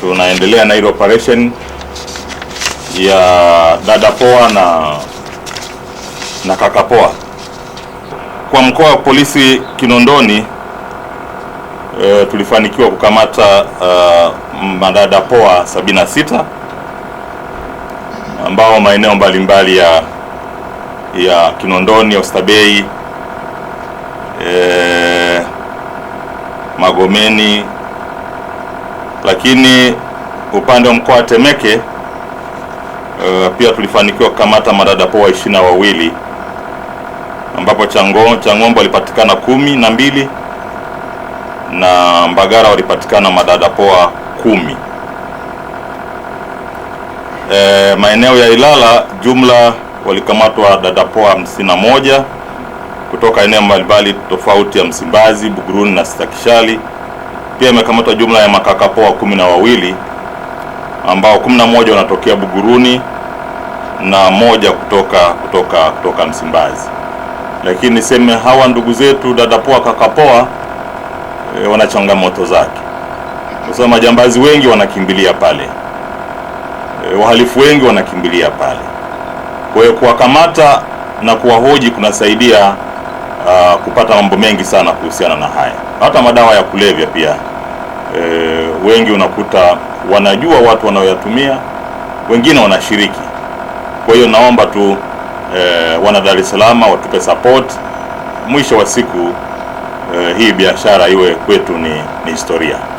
tunaendelea na ile operation ya dada poa na na kaka poa kwa mkoa wa polisi Kinondoni. E, tulifanikiwa kukamata uh, madada poa 76 ambao maeneo mbalimbali ya ya Kinondoni, Oysterbay, e, eh, Magomeni lakini upande wa mkoa wa Temeke uh, pia tulifanikiwa kukamata madada poa ishirini na wawili ambapo chango Chang'ombe walipatikana kumi na mbili na Mbagara walipatikana madada poa kumi. E, maeneo ya Ilala jumla walikamatwa dadapoa hamsini na moja kutoka eneo mbalimbali tofauti ya Msimbazi, Buguruni na Stakishali. Pia imekamatwa jumla ya makakapoa kumi na wawili ambao kumi na moja wanatokea Buguruni na moja kutoka kutoka kutoka Msimbazi. Lakini niseme hawa ndugu zetu dadapoa, kakapoa e, wana changamoto zake, kwa sababu majambazi wengi wanakimbilia pale e, wahalifu wengi wanakimbilia pale. Kwa hiyo kuwakamata na kuwahoji kunasaidia uh, kupata mambo mengi sana kuhusiana na haya, hata madawa ya kulevya pia. E, wengi unakuta wanajua watu wanaoyatumia, wengine wanashiriki. Kwa hiyo naomba tu e, wana Dar es Salaam watupe support. Mwisho wa siku e, hii biashara iwe kwetu ni, ni historia.